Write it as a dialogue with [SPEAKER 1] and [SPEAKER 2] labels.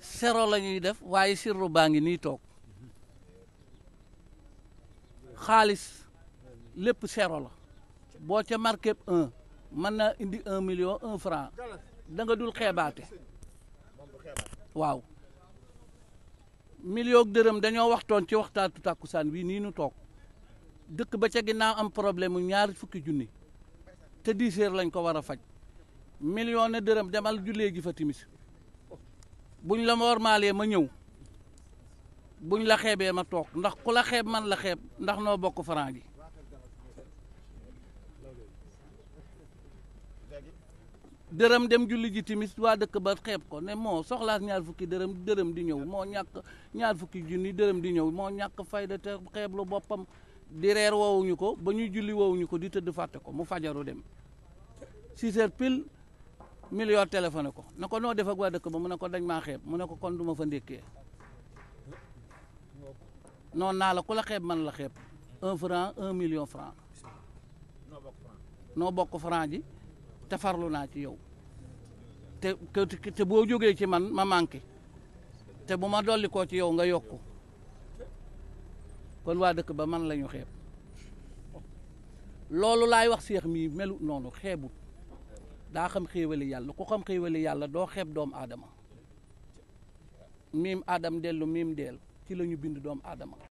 [SPEAKER 1] sero lañuy def waye sirru baangi ni tok khalis lepp sero la bo ca marqué 1 man na indi 1 million 1 franc da nga dul xébaté waw million deureum dañoo waxton ci waxtatu takusan wi ni ñu tok dëkk ba ca ginaaw am problème ñaar fukki junni te 10 heures lañ ko wara faj million na dërëm demal jullee gi fa timis ñu la wormaalee ma ñëw buñ la xeebee ma toog ndax ku la xeeb man la xeeb ndax noo bokk franc gi dërëm dem julli ji timis waa dëkk ba xeeb ko ne moo soxlaas ñaar fukki dërëm dërëm di ñëw moo ñàkk ñaar fukki junni dërëm di ñëw moo ñàkk fayda te xeeblu boppam di reer woowuñu ko ba ñuy julli woowuñu ko di tëdd fàtte ko mu fajaru dem six heures million téléphoné ko na ko noo def waa dëkk ba mu ne ko dañ maa xeeb mu ne ko kon du ma fa ndékkee noonu naa la ku la xeeb man la xeeb un franc un million franc noo bokk franc ji te farlu naa ci yow te te boo jógee ci man ma manqué te bu ma dolli koo ci yow nga yokku kon waa dëkk ba man la ñu xeeb loolu laay wax seex mi melut noonu xeebut daa xam xéewali yàlla ku xam xéewali yàlla doo xeeb doomu aadama miim aadam dellu miim deel ci la ñu bind doomu aadama